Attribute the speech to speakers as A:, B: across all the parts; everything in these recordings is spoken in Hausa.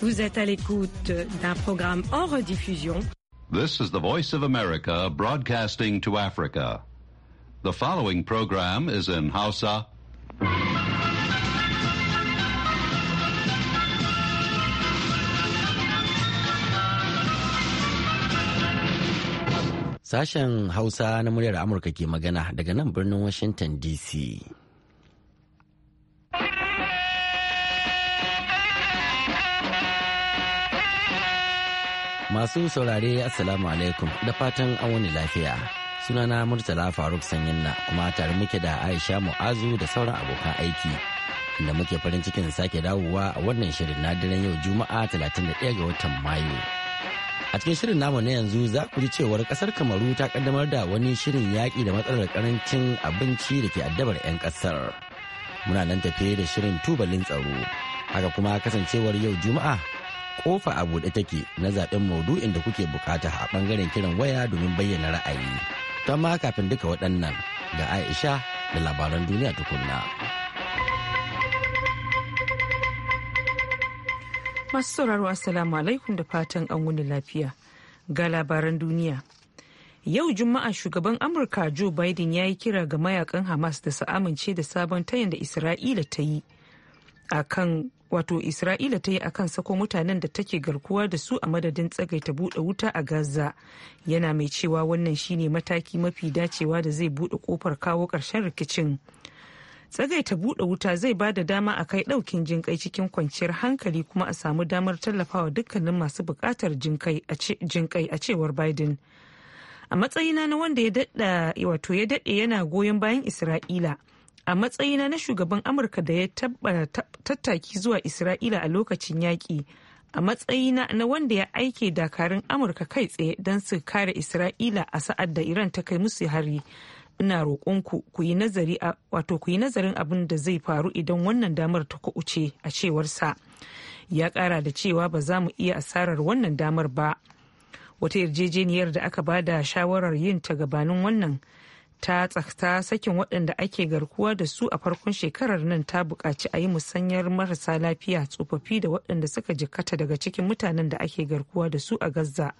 A: Vous êtes à l'écoute d'un programme en rediffusion. This is the Voice of America broadcasting to Africa. The following program is in Hausa.
B: Sashen Hausa na muryar Amurka ke magana daga nan birnin Washington DC. Masu saurare Assalamu alaikum da fatan an wani lafiya. Sunana Murtala Faruk Sanyinna kuma tare muke da Aisha Mu'azu da sauran abokan aiki. Da muke farin cikin sake dawowa a wannan shirin na daren yau Juma'a 31 ga watan Mayu. A cikin shirin namu na yanzu za ku ji cewar kasar Kamaru ta kaddamar da wani shirin yaƙi da matsalar karancin abinci da ke addabar 'yan ƙasar Muna nan tafe da shirin tubalin tsaro. Haka kuma kasancewar yau Juma'a kofa a buɗe take na zaɓen maudu'in da kuke bukata a ɓangaren kiran waya domin bayyana ra'ayi. Ta ma kafin duka waɗannan ga Aisha da labaran duniya
A: tukunna. Masu sauraro Assalamu alaikum da fatan an wuni lafiya ga labaran duniya. Yau Juma'a shugaban Amurka Joe Biden ya yi kira ga mayakan Hamas da su amince da sabon tayin da Isra'ila ta yi a kan wato isra'ila ta yi a kan sako mutanen da take garkuwa da su a madadin tsagaita buɗe wuta a gaza yana mai cewa wannan shine mataki mafi dacewa da zai bude kofar kawo karshen rikicin tsagaita buɗe wuta zai ba da dama a kai ɗaukin kai cikin kwanciyar hankali kuma a samu damar tallafawa dukkanin masu jin kai a cewar biden a matsayina na wanda ya daɗe yana goyon bayan isra'ila a matsayina na shugaban amurka da ya tattaki zuwa isra'ila a lokacin yaƙi a matsayina na wanda ya aike dakarun amurka kai tsaye don su kare isra'ila a sa'ad da iran ta kai musu hari ina roƙonku ku yi nazari wato ku nazarin abin da zai faru idan wannan damar ta kuɓuce a cewar sa ya ƙara da cewa ba za mu iya asarar wannan damar ba wata yarjejeniyar da aka ba da shawarar yin ta gabanin wannan ta tsakta sakin waɗanda ake garkuwa da su a farkon shekarar nan ta buƙaci a yi musanyar marasa lafiya tsofaffi da waɗanda suka jikkata daga cikin mutanen da ake garkuwa da su a gaza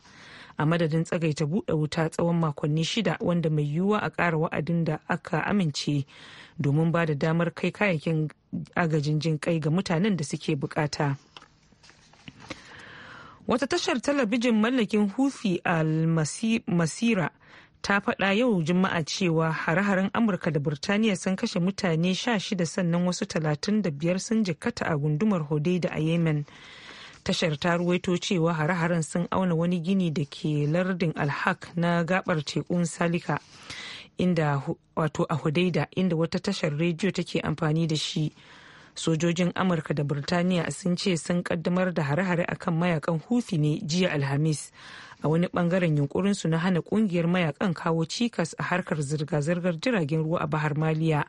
A: a madadin tsagaita buɗe wuta tsawon makonni shida wanda mai yiwuwa a ƙara wa'adin da aka amince domin ba da damar kai kayayyakin agajin jin kai ga mutanen da suke buƙata. wata tashar talabijin mallakin hufi al-masira ta faɗa yau juma'a cewa hare-haren amurka da birtaniya sun kashe mutane shida sannan wasu talatin da biyar sun jikkata a gundumar hodeida a yemen tashar ta ruwaito cewa hare-haren sun auna wani gini da ke lardin alhak na gabar tekun salika inda wato a hodeida inda wata tashar rediyo take amfani da shi sojojin amurka da birtaniya sun ce sun kaddamar da hare-hare akan mayakan hufi ne jiya alhamis a wani bangaren yunkurin su na hana kungiyar mayakan kawo cikas a harkar zirga-zirgar jiragen ruwa a bahar maliya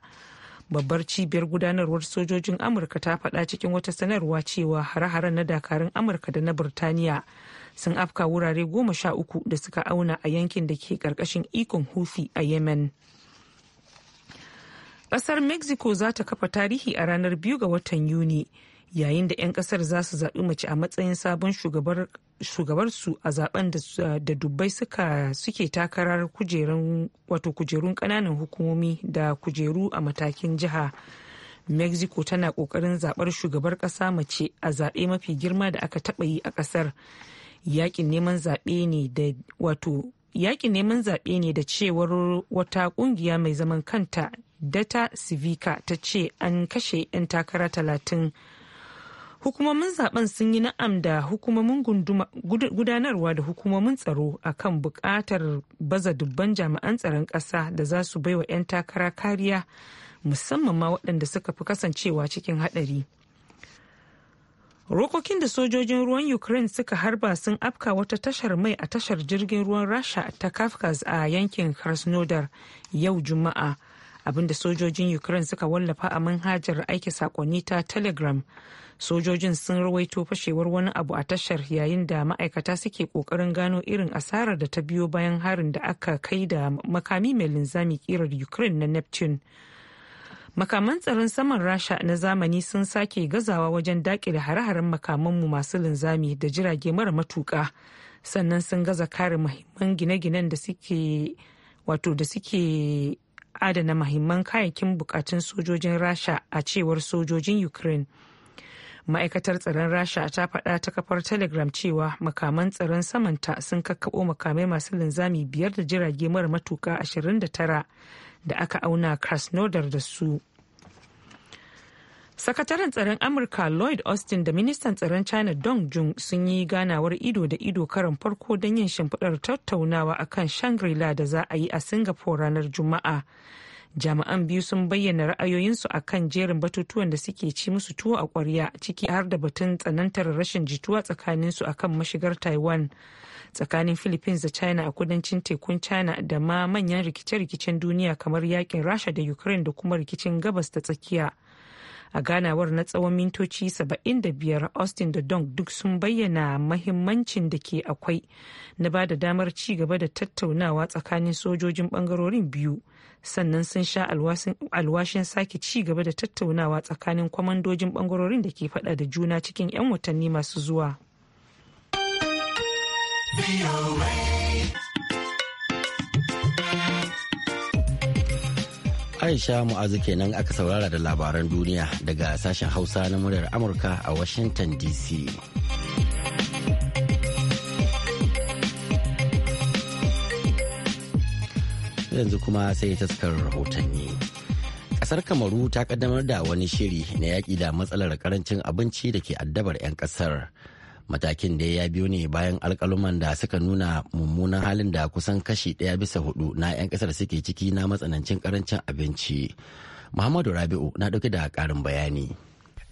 A: babbar cibiyar gudanarwar sojojin amurka ta faɗa cikin wata sanarwa cewa hare-haren na dakarun amurka da na birtaniya sun afka wurare goma sha uku da suka auna a yankin da ke ƙarƙashin ikon hufi a yemen ƙasar mexico za ta kafa tarihi a ranar biyu ga watan yuni yayin da 'yan kasar za su zaɓi mace a matsayin sabon shugabarsu a zaben da dubbai suke takarar kujerun ƙananan hukumomi da kujeru a matakin jiha mexico tana ƙoƙarin zaɓar shugabar ƙasa mace a zaɓe mafi girma da aka taɓa yi a ƙasar yaƙin neman zaɓe ne da neman zaɓe ne da cewar wata ƙungiya mai zaman kanta data civica ta ce an kashe 'yan takara talatin hukumomin zaben sun yi na'am da hukumomin gudanarwa da hukumomin tsaro a kan bukatar baza dubban jami'an tsaron ƙasa da za su baiwa 'yan takara kariya musamman ma waɗanda suka fi kasancewa cikin haɗari. rokokin da sojojin ruwan ukraine suka harba sun afka wata tashar mai a tashar jirgin ruwan rasha ta kafkaz a yankin krasnodar yau juma'a abinda sojojin ukraine suka wallafa a manhajar aiki sakonni ta telegram sojojin sun rawaito fashewar wani abu a tashar yayin da ma'aikata suke kokarin gano irin asarar da ta biyo bayan harin da aka kai da makami mai linzami kirar ukraine na neptune makaman tsaron saman rasha na zamani sun sake gazawa wajen dakile hare-haren makamanmu masu linzami da jirage mara matuka sannan sun gaza kare muhimman gine-ginen da suke da suke adana mahimman kayayyakin bukatun sojojin rasha a cewar sojojin ukraine ma'aikatar tsaron rasha ta faɗa ta kafar telegram cewa makaman tsaron samanta sun kakkaɓo makamai masu linzami biyar da jirage mara matuka 29 da aka auna krasnodar da su. sakataren tsaron amurka lloyd austin da ministan tsaron china dong jun sun yi ganawar ido da ido karan farko don yin shimfiɗar tattaunawa akan shangri-la da za a yi a singapore ranar juma'a jami'an biyu sun bayyana ra'ayoyinsu a kan jerin batutuwan da suke ci musu tuwo a kwarya ciki har da batun tsanantar rashin jituwa tsakaninsu a kan mashigar taiwan tsakanin philippines da china a kudancin tekun china da ma manyan rikice-rikicen duniya kamar yakin rasha da ukraine da kuma rikicin gabas ta tsakiya a ganawar na tsawon mintoci 75 austin da dong duk sun bayyana mahimmancin da ke akwai na ba da damar ci gaba da tattaunawa tsakanin sojojin bangarorin biyu sannan sun sha alwashin sake ci gaba da tattaunawa tsakanin kwamandojin bangarorin da ke fada da juna cikin 'yan watanni masu zuwa.
B: Aisha Mu'azu kenan aka saurara da labaran duniya daga sashen Hausa na muryar Amurka a Washington DC. Yanzu kuma sai taskar rahotanni. Kasar Kamaru ta kaddamar da wani shiri na yaƙi da matsalar karancin abinci da ke addabar 'yan ƙasar. matakin da ya biyo ne bayan alkaluman da suka nuna mummunan halin da kusan kashi ɗaya bisa hudu na 'yan kasar suke ciki na matsanancin karancin abinci muhammadu rabi'u na dauke da karin bayani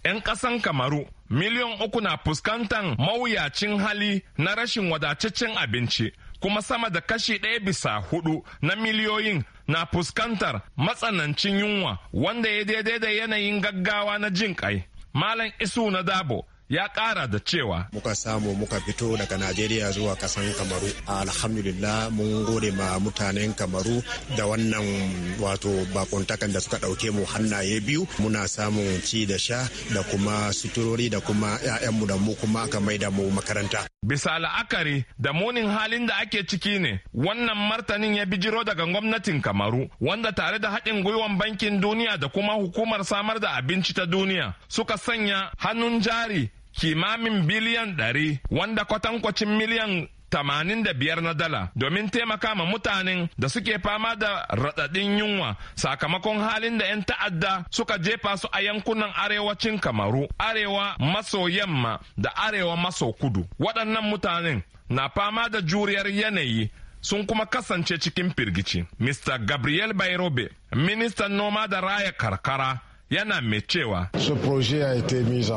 C: 'yan ƙasan kamaru miliyan uku na fuskantar mawuyacin hali na rashin wadataccen abinci kuma sama da kashi ɗaya bisa hudu na miliyoyin na fuskantar matsanancin yunwa wanda ya daidai da yanayin gaggawa na jin kai malam isu na dabo ya kara da cewa
D: muka samu muka fito daga najeriya zuwa kasan kamaru alhamdulillah mun gode ma mutanen kamaru da wannan wato bakuntakan da suka ɗauke mu hannaye biyu muna samun ci da sha da kuma suturori da kuma 'ya'yanmu da mu kuma aka maida mu makaranta
C: bisa la'akari da munin halin da ake ciki ne wannan martanin ya bijiro daga gwamnatin kamaru wanda tare da haɗin gwiwan bankin duniya da kuma hukumar samar da abinci ta duniya suka sanya hannun jari kimamin biliyan ɗari wanda kwatankwacin miliyan tamanin da biyar na dala domin taimaka ma mutanen da suke fama da raɗaɗin yunwa sakamakon halin da 'yan ta'adda suka jefa su a yankunan arewacin kamaru arewa maso yamma da arewa maso kudu waɗannan mutanen na fama da juriyar yanayi sun kuma kasance cikin firgici mr gabriel bairobe ministan noma da raya karkara yana mai cewa euh,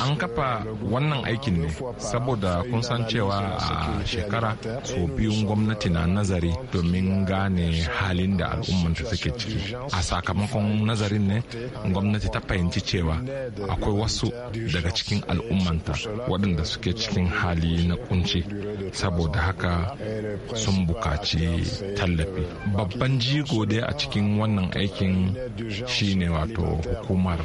C: an kafa wannan aikin ne saboda kun san cewa a shekara so biyun gwamnati na nazari domin gane halin da al'ummanta suke ciki a sakamakon nazarin ne gwamnati ta fahimci cewa akwai wasu daga cikin al'ummanta waɗanda suke cikin hali na kunci saboda haka sun bukaci tallafi babban jigo dai a cikin wannan aikin shine wato wato hukumar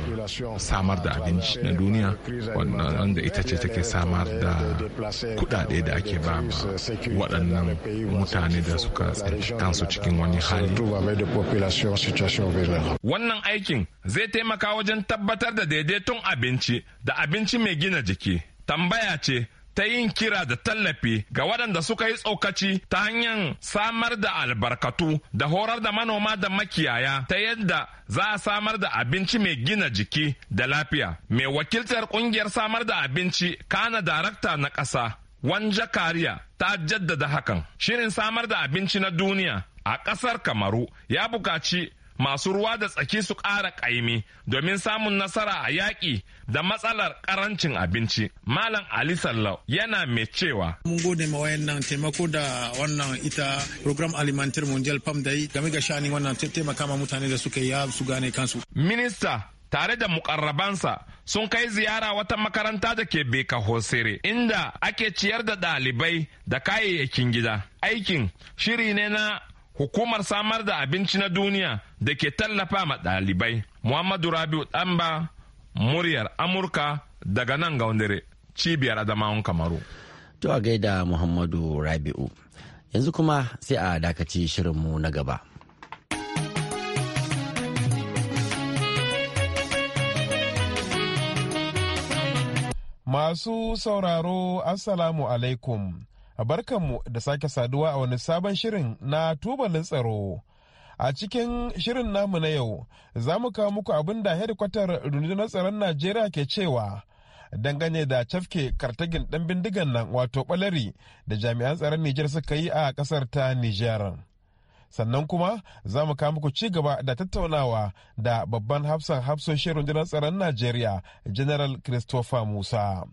C: samar da abinci na duniya wanda ita ce take samar da kudade da ake ba waɗannan mutane da suka tsarki kansu cikin wani hali wannan aikin zai taimaka wajen tabbatar da daidaiton abinci da abinci mai gina jiki tambaya ce ta yin kira da tallafi ga waɗanda suka yi tsokaci ta hanyar samar da albarkatu da horar da manoma da makiyaya ta yadda za a samar da abinci mai gina jiki da lafiya. Mai wakiltar ƙungiyar samar da abinci kana darakta na ƙasa Wanja Kariya ta jaddada hakan. Shirin samar da abinci na duniya a ƙasar Kamaru ya buƙaci masu ruwa da tsaki su ƙara ƙaimi domin samun nasara a yaƙi da matsalar ƙarancin abinci. Malam Ali Sallau yana mai cewa.
D: Mun gode ma wayannan taimako da wannan ita program Alimantar mundial pam da yi game ga shani wannan taimaka ma mutane da suka ya su gane kansu.
C: Minista tare da mukarrabansa sun kai ziyara wata makaranta da ke Beka Hosere inda ake ciyar da ɗalibai da kayayyakin gida. Aikin shiri ne na hukumar samar da abinci na duniya da ke tallafa ma ɗalibai. Muhammadu Rabiu Ɗanba muryar Amurka daga nan ga wandere cibiyar
B: Adamawan Kamaru. To a gaida Muhammadu Rabiu. Yanzu kuma sai a dakaci shirinmu na gaba. Masu
D: sauraro, Assalamu alaikum. barkanmu da sake saduwa a wani sabon shirin na tubalin tsaro. A cikin shirin namu na yau, za mu kawo muku abin da hedikwatar rundunar tsaron Najeriya ke cewa dangane da cafke kartagin ɗan bindigan nan wato ɓalari da jami'an tsaron Nijar suka yi a ƙasar ta Nijar. sannan kuma za mu kawo muku ci gaba da tattaunawa da babban hafsan hafsoshin rundunar tsaron Najeriya, General Christopher Musa.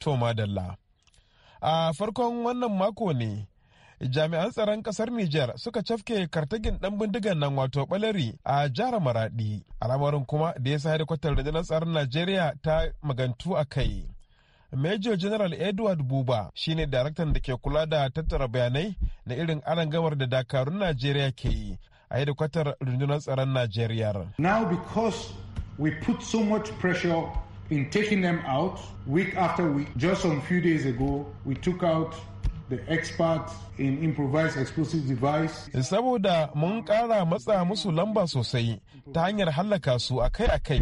D: To madalla. A farkon wannan mako ne, jami'an tsaron kasar Nijar suka cafke kartagin dan bindigan nan wato balari a jihar Maradi. Al'amarin kuma da ya sa hedikwatar rundunar tsaron Najeriya ta magantu a kai. Major General Edward Buba shine daraktan da ke kula da tattara bayanai na irin arangamar da dakarun Najeriya ke yi a hedikwatar rundunar tsaron Najeriya. Now
E: because we put so much pressure in taking them out week after
D: week. Just some few days ago, we took out the expert in improvised explosive device. Eh, saboda mun matsa musu lamba sosai ta hanyar hallaka su akai-akai.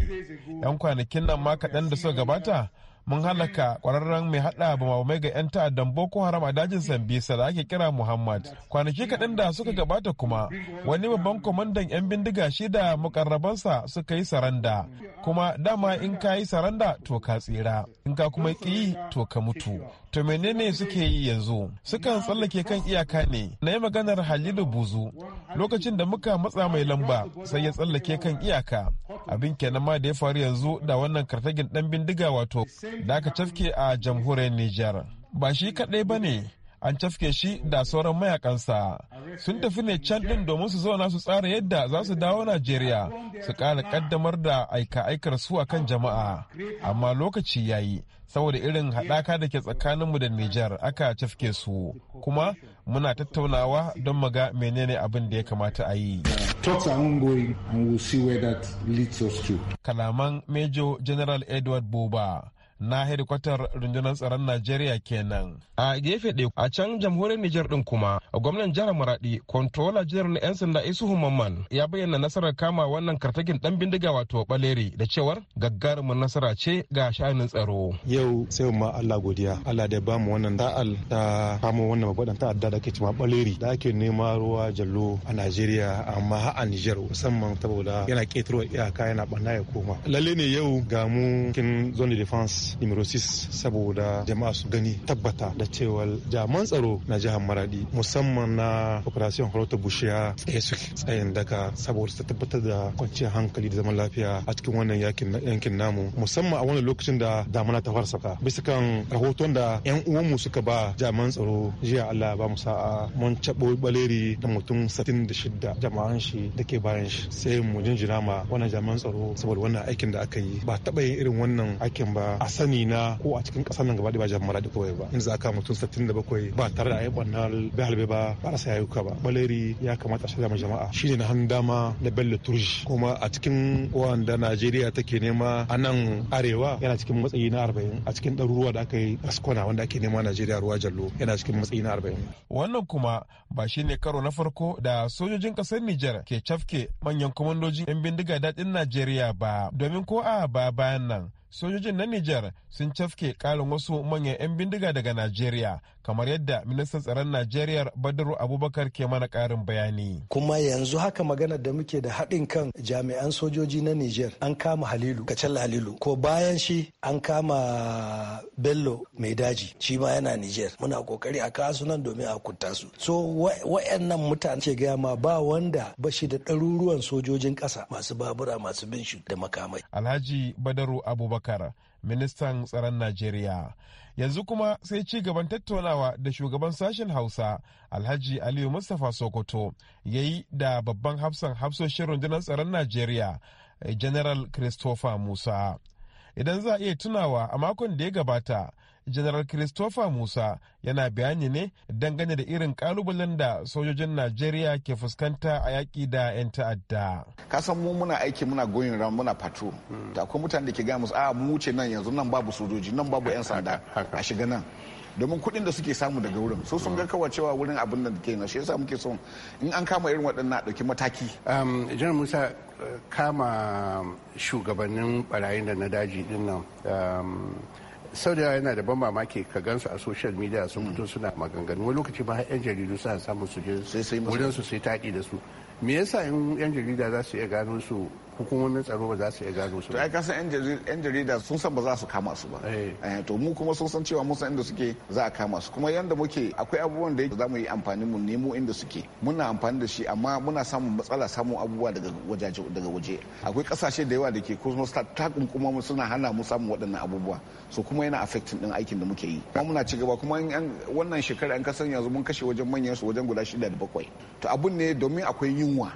D: kwanakin nan da suka gabata mun halaka kwararren mai hada bamamai ga 'yan ta'addan boko haram a dajin sambisa da ake kira muhammad kwanaki kaɗan da suka gabata kuma wani babban kwamandan 'yan bindiga shi da mukarrabansa suka yi saranda kuma dama in ka yi saranda to ka tsira in ka kuma ki to ka mutu To menene suke yi yanzu? Sukan tsallake kan iyaka ne. Na yi maganar Halilu Buzu lokacin da muka matsa mai lamba sai ya tsallake kan iyaka. Abin kenan ma da ya faru yanzu da wannan kartagin dan bindiga wato da aka cafke a jamhuriyar Nijar. Ba shi kaɗai ba ne an cafke shi da sauran mayakansa sun tafi ne can din domin su zauna su tsara yadda za su dawo najeriya su kara kaddamar da aika-aikar su a kan jama'a amma lokaci ya yi saboda irin haɗaka da ke tsakaninmu da nijar aka cafke su kuma muna tattaunawa don maga menene abin da ya kamata a yi kalaman major general edward buba. na hedikwatar rundunar tsaron Najeriya kenan. A gefe ɗaya a can jamhuriyar Nijar ɗin kuma gwamnan jihar Maradi Kontrola jihar na 'yan sanda Isuhu Mamman ya bayyana nasarar kama wannan kartakin ɗan bindiga wato Baleri da cewar gaggarumin nasara ce ga sha'anin tsaro.
F: Yau sai ma Allah godiya Allah da ba mu wannan da'al ta kama wannan babban ta'adda da ke cewa Baleri da ake nema ruwa jallo a Najeriya amma a Nijar musamman saboda yana ketarwa iyaka yana ɓanna ya koma. Lalle ne yau ga mu kin zone defense numero 6 saboda jama'a su gani tabbata da cewa jaman tsaro na jihar maradi musamman na operation horta bushiya tsaye su tsayin daga saboda su tabbatar da kwanciyar hankali da zaman lafiya a cikin wannan yankin namu musamman a wannan lokacin da damana ta fara saka bisa kan rahoton da yan uwanmu suka ba jaman tsaro jiya Allah ba mu sa'a mun cabo baleri da mutum 66 jama'an shi da ke bayan shi sai mu jinjina ma wannan jaman tsaro saboda wannan aikin da aka yi ba taɓa yin irin wannan aikin ba a sani na ko a cikin kasar nan gaba da ba jamara da kawai ba in za ka mutum bakwai. ba tare da a yi ɓannar bai ba ba rasa yayuka ba baleri ya kamata a shirya jama'a shine na hannun dama na bello turji kuma a cikin wanda najeriya take nema a nan arewa yana cikin matsayi na arba'in a cikin ɗaruruwa da aka yi askona wanda ake nema najeriya ruwa jallo yana cikin matsayi na arba'in. wannan kuma ba
D: ne karo na farko da sojojin kasar nijar ke cafke manyan kwamandojin 'yan bindiga daɗin najeriya ba domin ko a ba bayan nan sojojin na Nijar sun cafke ƙarin wasu manyan 'yan bindiga daga Najeriya kamar yadda ministan tsaron Najeriya Badru Abubakar ke mana karin bayani.
B: Kuma yanzu haka magana da muke da haɗin kan jami'an sojoji na Nijar an kama Halilu, kacal Halilu, ko bayan shi an kama Bello mai daji, shi ma yana Nijar. Muna kokari a kasu nan domin a kunta su. So wa'annan mutane ke gaya ma ba wanda ba shi da ɗaruruwan sojojin ƙasa masu babura masu bin shi da makamai.
D: Alhaji Badru Abubakar abubakar ministan tsaron najeriya yanzu kuma sai ci gaban tattaunawa da shugaban sashen hausa alhaji aliyu mustapha sokoto ya yi da babban hafsan hafsoshin rundunar tsaron najeriya eh, general christopher musa idan za a iya tunawa a makon da ya gabata General Christopher Musa yana bayani ne dangane da irin kalubalen da sojojin Najeriya ke fuskanta a yaƙi da 'yan ta'adda.
E: Kasan mu muna aiki muna goyin ran muna fato hmm. Da akwai mutane da ke gaya musu a ah, mu wuce nan yanzu nan babu sojoji nan babu 'yan sanda a shiga nan. domin kuɗin da suke samu daga wurin so sun ga hmm. kawai cewa wurin abin da ke shi yasa muke son in an kama irin waɗannan ɗauki mataki.
G: Jan um, Musa kama shugabannin barayin da na daji dinnan. Um, sau da yana da ban mamaki ka gansu a social media sun fito suna maganganu wani lokaci ba yan jaridu suna samun su je wurin su sai taɗi da su me yasa yan jarida za su iya gano su hukumomin tsaro ba za su iya gano su to ai
E: kasan yan jarida sun san ba za su kama su ba
G: eh. Eh, to mu kuma
E: sun san cewa mun san inda suke za a kama su kuma yanda muke akwai abubuwan da za mu yi amfani mu nemo inda suke muna amfani da shi amma muna samun matsala samun abubuwa daga wajaje daga waje akwai kasashe da yawa da ke kuma ta kunkuma mu suna hana mu samun waɗannan abubuwa so kuma yana affecting din aikin da muke yi kuma muna ci gaba kuma wannan shekara an kasan yanzu mun kashe wajen manyan su wajen guda shida da bakwai to abun ne domin akwai yunwa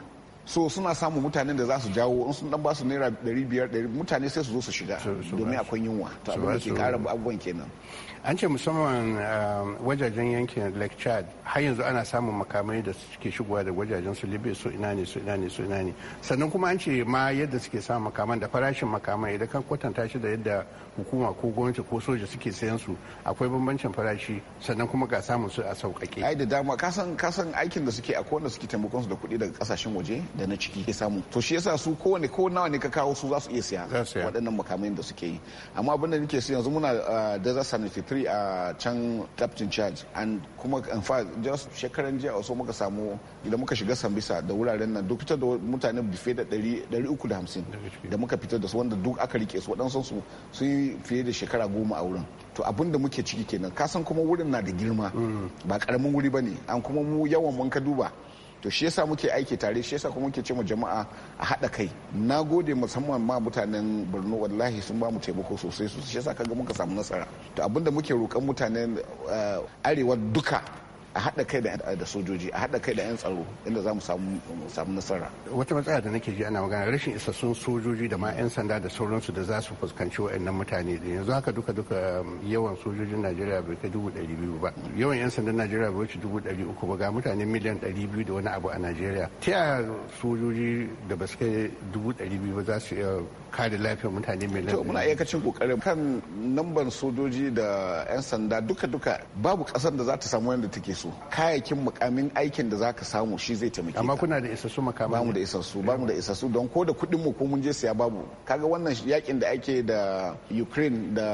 E: so suna samun mutanen da za su jawo in sun dan ba su naira 500 biyar mutane sai su zo su shiga domin akwai yunwa ta abin da ke kara abubuwan kenan
G: an ce musamman um, wajajen yankin lake chad har yanzu ana samun makamai da suke shigowa da wajajen su libya su ina ne su ina ne su ina ne sannan kuma an ce ma yadda suke samun makaman da farashin makaman idan kan kwatanta shi da yadda hukuma ko gwamnati ko soja suke sayan su akwai bambancin farashi sannan kuma ga samun su a sauƙaƙe ai da
E: dama kasan kasan aikin da suke akwai wanda suke taimakon su da kuɗi daga ƙasashen waje da na ciki ke samu to shi yasa su kowane ko nawa ne ka kawo su za su iya siya waɗannan makamai da suke yi amma abin da nake so yanzu muna ah, desert 73 a can captain charge and kuma in fact just shekaran jiya wasu muka samu idan muka shiga sambisa da wuraren nan duk fitar da mutane bife da 350 da muka fitar da su wanda duk aka rike su waɗansu su sun yi fiye da shekara goma a wurin to abin da muke ciki kenan kasan kuma wurin na da girma mm. ba karamin wuri ba ne an kuma mu yawan mun ka duba to shi yasa muke aiki tare shi yasa kuma muke ce mu jama'a a haɗa kai na gode musamman ma mutanen borno wallahi sun ba mu taimako sosai sosai shi yasa kaga muka samu nasara to abinda muke roƙon mutanen eh, arewa duka a haɗa kai da sojoji a haɗa kai da 'yan tsaro inda za mu samu nasara
G: wata matsala da nake ji ana magana rashin isassun sojoji da ma 'yan sanda da sauransu da za su fuskanci wa'annan mutane da yanzu haka duka duka um, yawan sojojin najeriya bai kai dubu ɗari biyu ba yawan 'yan sandan najeriya bai wuce dubu ɗari uku ba ga mutane miliyan ɗari biyu da wani abu a najeriya ta yaya sojoji da ba su kai dubu ɗari biyu ba za su iya kare lafiyar mutane mai lafiya. muna
E: aikacin kokarin kan namban sojoji da 'yan sanda duka-duka babu kasar da za ta samu yadda take so Kayakin mukamin aikin da za ka samu shi zai taimake amma kuna da isassu makamai bamu da isassu bamu da isassu don ko da kuɗin mu ko mun je siya babu kaga wannan yakin da ake da Ukraine da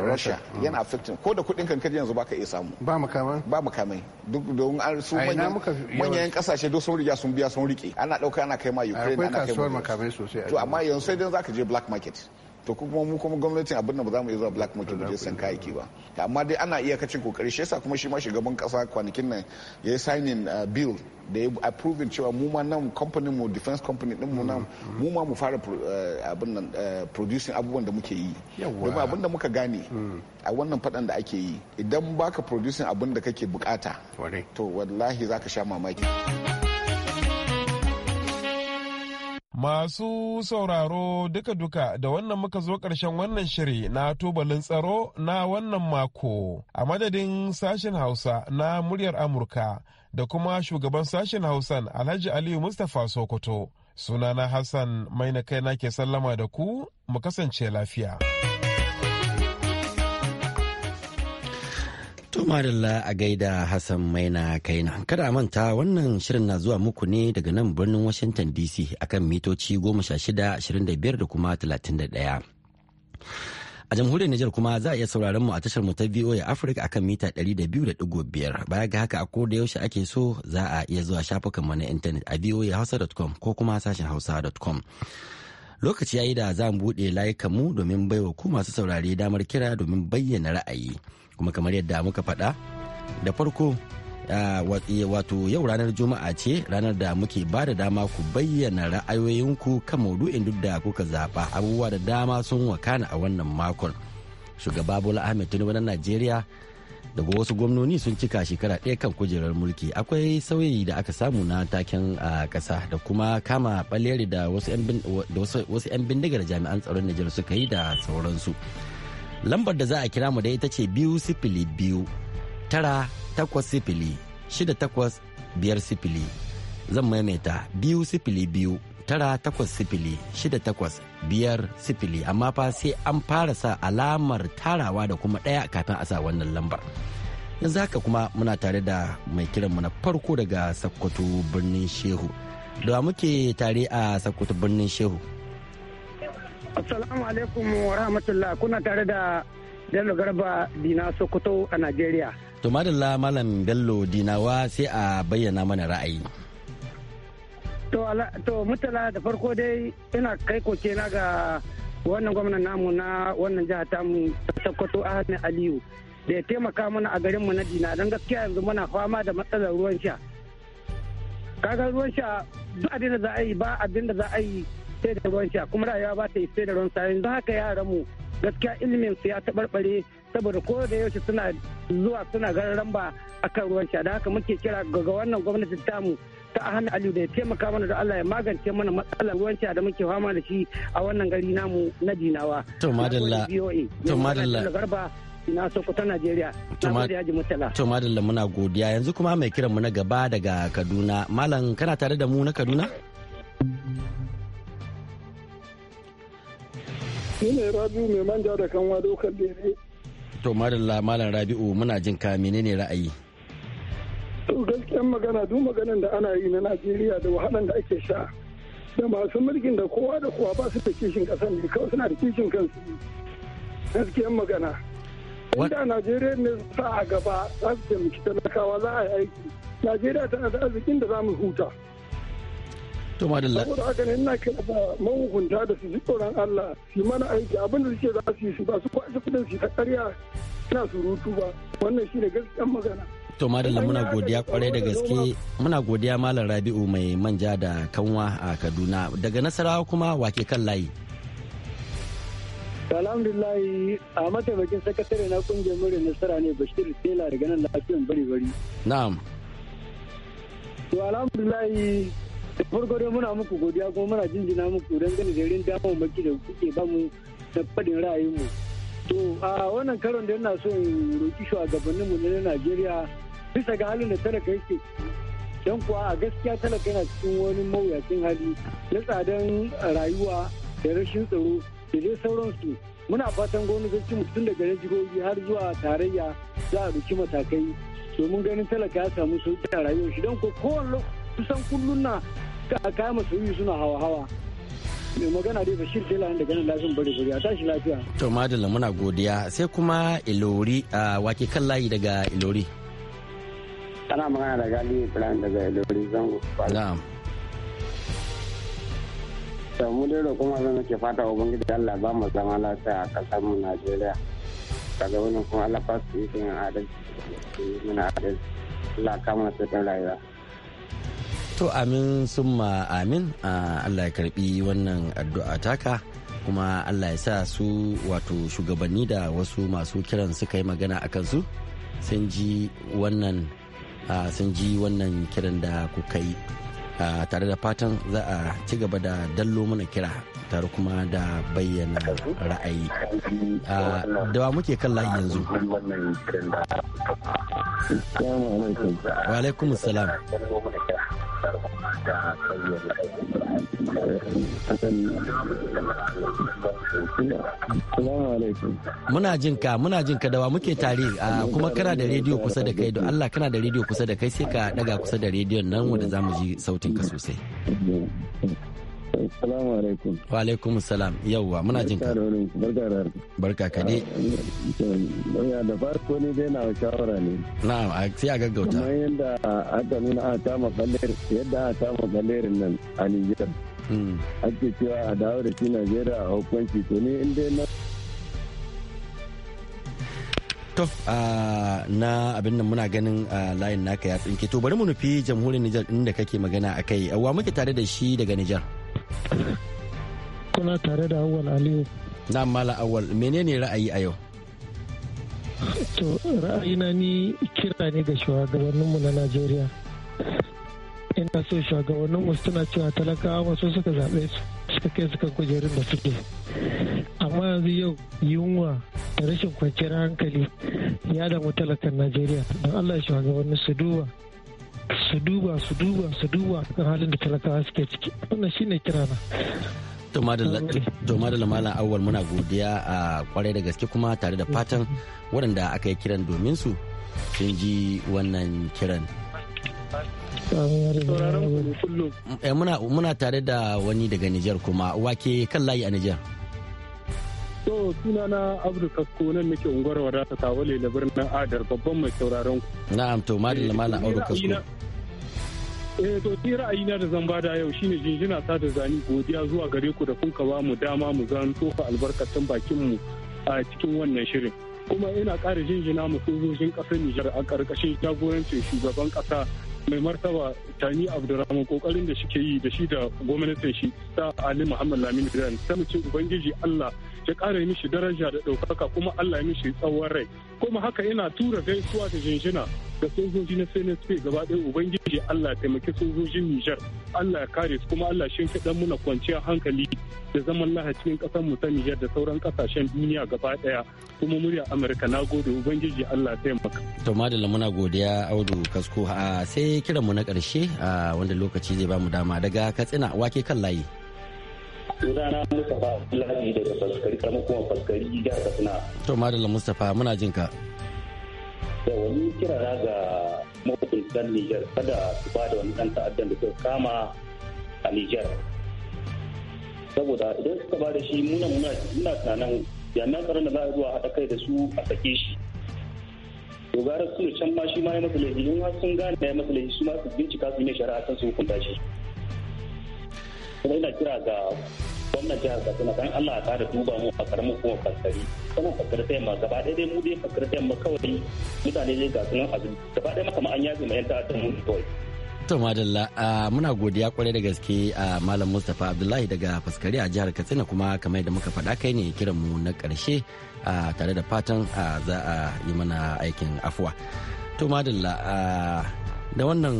E: Russia mm. yana affecting ko da kuɗin kan kaji yanzu baka iya samu ba makamai ba makamai duk don an su manyan kasashe don sun riga sun biya sun rike ana dauka ana kai ma Ukraine ana kai ma makamai sosai to amma yanzu sai dan zaka je je black market to kuma mu kuma gwamnatin abin da ba za mu iya zuwa black market mu je san kayayyaki ba amma dai ana iya kacin kokari shi yasa kuma shi ma shugaban kasa kwanakin nan ya yi signing uh, bill da ya approving cewa mu ma nan company mu defense company din mu nan mm-hmm. mu ma mu fara uh, abin nan uh, producing abubuwan da muke yi domin abin da muka gane mm. a wannan fadan da ake yi idan baka producing abin da kake bukata to wallahi zaka sha mamaki
D: Masu sauraro duka-duka da wannan muka zo ƙarshen wannan shiri na tubalin tsaro na wannan mako a madadin sashen Hausa na muryar Amurka da kuma shugaban sashen Hausan Alhaji Aliyu Mustapha Sokoto. Sunana Hassan mai na na ke sallama da ku mu kasance lafiya.
B: To madalla a gaida Hassan Maina kaina. Kada manta wannan shirin na zuwa muku ne daga nan birnin Washington DC akan mitoci 16, 25 da kuma 31. a jamhuriyar Nijar kuma za a iya sauraron mu a tashar mu ta VOA Africa akan mita 200.5 baya ga haka a ko da yaushe ake so za a iya zuwa shafukan mu na intanet a voahausa.com ko kuma sashen hausa.com lokaci yayi da za mu buɗe layukan mu domin baiwa ku masu saurare damar kira domin bayyana ra'ayi. kuma kamar yadda muka faɗa da farko eh, wato yau ranar juma'a ce ranar da muke ba da dama ku bayyana ra'ayoyinku kan maudu'in duk da kuka zaɓa abubuwa da dama sun wakana a wannan makon shugaba bola ahmed tinubu na najeriya daga wasu gwamnoni sun cika shekara ɗaya kan kujerar mulki akwai sauyi da aka samu na taken a ƙasa da kuma kama ɓaleri da wasu 'yan bindigar jami'an tsaron najeriya suka yi da sauransu. lambar da za a kira mu da ita ce biyu sifili biyu tara takwas sifili shida takwas biyar sifili zan maimaita biyu sifili biyu tara takwas sifili shida takwas biyar sifili amma fa sai an fara sa alamar tarawa da kuma ɗaya kafin a sa wannan lambar yanzu haka kuma muna tare da mai kiran mu na farko daga sakkwato birnin shehu da muke tare a sakkwato birnin shehu
F: Assalamu alaikum wa rahmatullah kuna tare da Bello Garba Dina
B: Sokoto a Najeriya. To madalla Malam Bello Dinawa sai a bayyana mana ra'ayi. To mutala da farko dai ina kai koke na ga wannan gwamnan namu na wannan jihar tamu Sokoto Ahmed Aliyu da ya taimaka mana a garinmu na Dina don gaskiya yanzu muna fama da matsalar ruwan sha. Kaga ruwan sha ba abin da za a yi ba abin da za a yi sai da ruwan sha kuma rayuwa ba ta yi sai da ruwan sha yanzu haka yaran mu gaskiya ilimin su ya tabarbare saboda ko da yaushe suna zuwa suna ganin ba akan ruwan sha da haka muke kira ga wannan gwamnatin tamu ta ahmed aliyu da ya taimaka mana da Allah ya magance mana matsalar ruwan sha da muke fama da shi a wannan gari namu na Dinawa. To madalla. To madalla. Garba Najeriya. To muna godiya yanzu kuma mai kiran mu na gaba daga Kaduna. Malam kana tare da mu na Kaduna? Ni ne Rabiu mai manja da kanwa dokar lere. To madalla malam Rabiu muna jin ka menene ra'ayi? To gaskiyan magana duk maganan da ana yi na Najeriya da wahalan da ake sha da masu mulkin da kowa da kowa ba su da kishin kasan ne kawai suna da kishin kansu ne. Gaskiyan magana. Inda Najeriya ne sa a gaba za su taimaki talakawa za a yi aiki. Najeriya tana da arzikin da za mu huta. to ma dalla. saboda haka ne ina kira da mahukunta da su ji tsoron Allah su mana aiki abin da suke za su yi su ba su kwashe kudin su ta karya suna surutu ba wannan shi ne gaskiyar magana to madalla muna godiya kwarai da gaske muna godiya malam rabi'u mai manja da kanwa a kaduna daga nasarawa kuma wake kan layi alhamdulillah a mataimakin sakatare na kungiyar murin nasara ne bashir tela daga nan lafiyan bari bari na'am to alhamdulillah farko dai muna muku godiya kuma muna jinjina muku don gani da damar maki da kuke ba mu da fadin ra'ayinmu to a wannan karon da yana so in roki shugabannin mu na Najeriya bisa ga halin da talaka yake don kuwa a gaskiya talaka yana cikin wani mawuyacin hali na tsadan rayuwa da rashin tsaro da dai sauransu muna fatan gwamnatocin mutum daga jigogi har zuwa tarayya za a ɗauki matakai domin ganin talaka ya samu sauƙi a rayuwar shi don ko kowane lokaci kusan kullum na kaya masarufi suna hawa-hawa mai magana dai bashir tela da ganin lafiyan bari bari a tashi lafiya to madalla muna godiya sai kuma ilori a wake kan layi daga ilori ana magana da gali ibrahim daga ilori zango na'am da mu dai kuma zan ke fata ubangiji Allah ba mu zama lafiya a kasar mu Najeriya daga wani kuma Allah ba su yi adalci muna adalci Allah kama su rayuwa to amin summa amin allah ya karbi wannan addu'a taka kuma allah ya sa su wato shugabanni da wasu masu kiran suka yi magana a kansu sun ji wannan kiran da kuka yi tare da fatan za a ci gaba da dallo mana kira tare kuma da bayyana ra'ayi da wa muke kan layi yanzu wa alaikum salam Muna jin ka muna jin ka dawa muke tare kuma kana da rediyo kusa da kai don Allah kana da rediyo kusa da kai sai ka daga kusa da rediyon nan wanda mu ji sautin ka sosai. Assalamu alaikum. Wa alaikum salam. Yauwa muna jin ka. Barka da Barka ka ne. da farko ne dai na shawara ne. Na'am, a sai a gaggauta. Kamar yadda aka nuna a kama kallerin yadda a kama kallerin nan a Nijar. Hmm. Ake cewa a dawo da shi Najeriya a hukunci to ne in dai na tof na abin nan muna ganin layin naka ya tsinke to bari mu nufi jamhuriyar Nijar inda kake magana a kai. wa muke tare da shi daga Nijar
F: kuna tare da awal aliyu
B: na mala awal menene ra'ayi a yau
F: to ra'ayina ni kira ne ga shugabanninmu na najeriya ina so shugabanninmu suna cewa talakawa masu suka zaɓe su suka kai suka kujerun da suke amma yanzu yau yunwa da rashin kwanciyar hankali ya damu talakan najeriya don allah shugabannin su duba su duba su duba su duba kan halin da talakawa suke ciki wannan shine kirana
B: to da malam awwal muna godiya a kwarai da gaske kuma tare da fatan waɗanda aka yi kiran domin su sun ji wannan kiran eh, muna tare da wani daga Nijar kuma wake kan layi a Nijar.
C: To sunana Abdu Kasko nan nake unguwar wadata ta wale na birnin Adar babban mai sauraron ku.
B: Na'am to madalla malam eh, Abdu Kasko.
C: Eh to ni ra'ayina da zan bada yau shine jinjina ta da zani godiya zuwa gare ku da kun ka ba mu dama mu zan tofa albarkatun bakin mu a cikin wannan shirin.
B: Kuma ina ƙara jinjina
C: mu sojojin ƙasar Nijar a ƙarƙashin jagorancin shugaban ƙasa mai martaba tani abdurrahman kokarin da suke yi da shi da gwamnatin shi ta ali muhammad lamini biran ta mace ubangiji allah ya ƙara yi mishi daraja da ɗaukaka kuma Allah ya mishi tsawon rai kuma haka yana tura gaisuwa da jinjina ga sojoji na CNSP gaba ɗaya ubangiji Allah ya taimaki sojojin Nijar Allah ya kare su kuma Allah shin fiɗan muna kwanciya hankali da zaman lahacin kasar ƙasar mu ta Nijar da sauran kasashen duniya gaba ɗaya kuma murya Amurka na gode ubangiji Allah ya taimaka.
B: To madalla muna godiya Audu Kasko a sai mu na ƙarshe a wanda lokaci zai ba mu dama daga Katsina wake kan layi.
E: karamar kuma faskari jihar katsina
B: to madalla mustapha muna jin ka
E: da wani kira na ga dan nijar kada su ba da wani dan ta'addan da suka kama a nijar saboda idan suka ba da
B: shi muna muna tunanin yannan tsaron da za a zuwa haɗa kai da su a sake shi to gara su can ma shi ma ya masa laifi in har sun gane ya masa laifi su ma su bincika su ne shari'a kan su hukunta shi kuma ina kira ga gwamnan jihar katsina
E: kan allah ta da duba mu a karamin kuma fassari kuma fassari yamma gaba ɗaya dai mu dai fassari ta yamma kawai
B: mutane dai ga sunan abin gaba ɗaya maka an yaji mai yanta ta mu kawai. to madalla muna godiya kwarai da gaske a malam mustapha abdullahi daga faskari a jihar katsina kuma kamar yadda muka faɗa kai ne kiran mu na ƙarshe tare da fatan za a yi mana aikin afuwa to madalla da wannan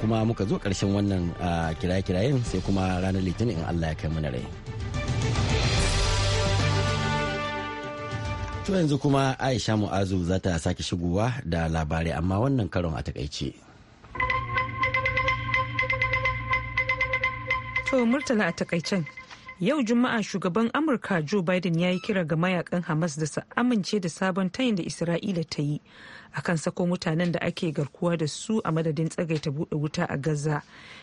B: kuma muka zo ƙarshen wannan kiraye-kirayen sai kuma ranar litinin in allah ya kai mana rai to yanzu kuma aisha mu'azu za ta sake shigowa da labarai amma wannan karon a takaice
A: to murtala a takaicen Yau Juma'a shugaban Amurka Joe Biden ya yi kira ga mayakan Hamas da su amince da sabon tayin da Isra'ila ta yi akan sako mutanen da ake garkuwa da su a madadin tsagaita buɗe wuta a Gaza.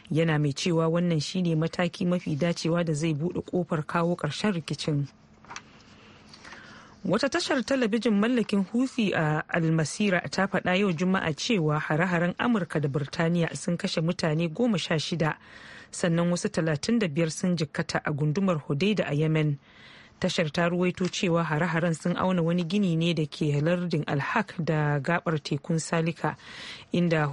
A: Yana mai cewa wannan shine mataki mafi dacewa da zai buɗe kofar kawo ƙarshen rikicin. Wata tashar talabijin mallakin hufi a Almasira ta faɗa yau Juma'a cewa hare-haren Amurka da burtaniya sun kashe mutane goma sha shida sannan wasu 35 sun jikkata a gundumar Hodeida a Yemen. Tashar ta ruwaito cewa hare-haren sun auna wani gini ne da ke lardin alhak da gabar tekun Salika inda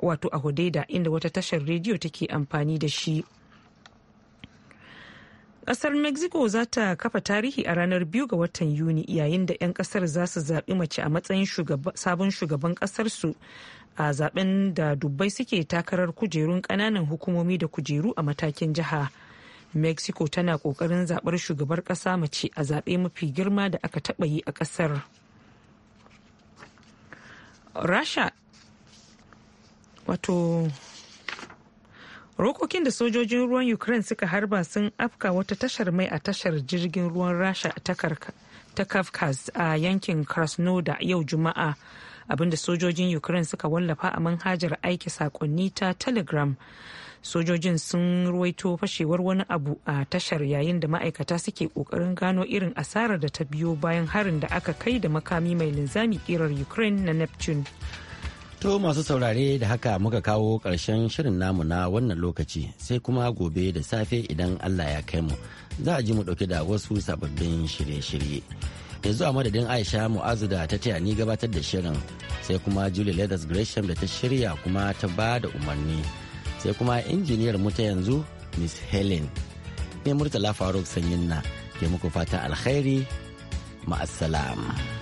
A: wato a Hodeida inda wata tashar rediyo take amfani da shi. Kasar Mexico za ta kafa tarihi a ranar biyu ga watan Yuni yayin da 'yan kasar za su zaɓi mace a matsayin sabon shugaban kasar su a zaben da dubbai suke takarar kujerun ƙananan hukumomi da kujeru a matakin jiha. Mexico tana ƙoƙarin zaɓar shugabar ƙasa mace a zaɓe mafi girma da aka taɓa yi a ƙasar. Rasha wato rokokin da sojojin ruwan ukraine suka harba sun afka wata tashar mai a tashar jirgin ruwan rasha ta kafkas a yankin krasnodar yau juma'a abinda sojojin ukraine suka wallafa a manhajar aiki sakonni ta telegram sojojin sun ruwaito fashewar wani abu a tashar yayin da ma'aikata suke kokarin gano irin asarar da ta biyo bayan harin da aka kai da makami mai linzami kirar ukraine na neptune
B: To masu saurare da haka muka kawo ƙarshen shirin namu na wannan lokaci sai kuma gobe da safe idan Allah ya kai mu za a ji mu ɗauke da wasu sababbin shirye-shirye. Yanzu a madadin Aisha Mu'azu da ta taya ni gabatar da shirin sai kuma Julie Leathers Gresham da ta shirya kuma ta ba da umarni sai kuma injiniyar mu ta yanzu Miss Helen. Ne Murtala Faruk Sanyin na ke muku fata alkhairi ma'assalam.